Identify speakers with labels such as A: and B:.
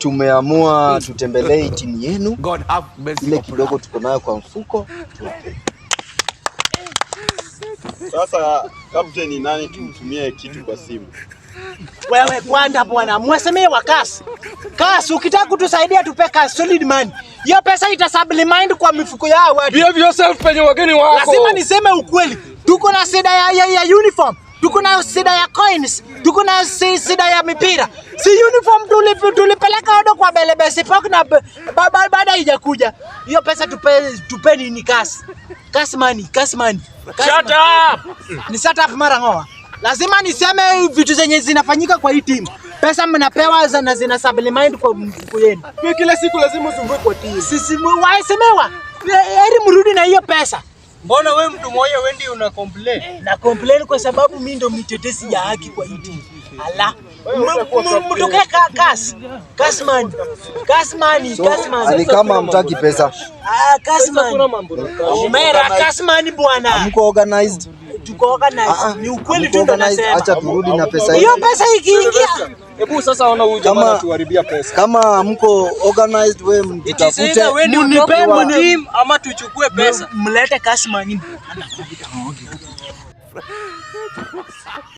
A: Tumeamua tutembelee chini yenu, ile kidogo tuko nayo kwa mfuko.
B: Sasa kapteni, nani tumtumie kitu kwa simu?
C: Wewe kwanda bwana, mwesemee wa kasi kasi, ukitaka kutusaidia tupe kasi solid money. Hiyo pesa ita sublimined kwa mifuko yao.
D: Behave yourself penye wageni wako.
C: Lazima niseme ukweli tuko na shida ya, ya, ya uniform tuko na shida ya coins, tuko na shida ya mipira. Si uniform tulip, tulipeleka odo kwa Belebesi Park na baada ba, ba, haijakuja hiyo pesa, tupe tupe ni cash cash money cash money. cash Shut money. up ni shut up mara ngoa. Lazima niseme vitu zenye zinafanyika kwa hii timu. Pesa mnapewa na zina supplement kwa mfuko yenu.
E: Kila siku lazima uzungue kwa timu.
C: Sisi semewa, heri mrudi na hiyo pesa.
B: Mbona we mtu mmoja wendi una complain? Eh,
C: na complain kwa sababu mimi ndo mtetezi ya haki kwa hiti. Ala. ka kas. Kasman. Kasman, Kasman.
F: Ni kama hamtaki pesa.
C: Ah, Kasman. Umera Kasman bwana.
F: Mko organized
C: tuko organized. Ah, ah. Ni ukweli tu ndo nasema.
F: Acha turudi na pesa
C: hiyo. pesa ikiingia
B: Hebu sasa ona huyu jamaa anatuharibia pesa.
F: Kama mko organized wewe mtafute
D: mnipe team ama tuchukue pesa.
C: Mlete cash money.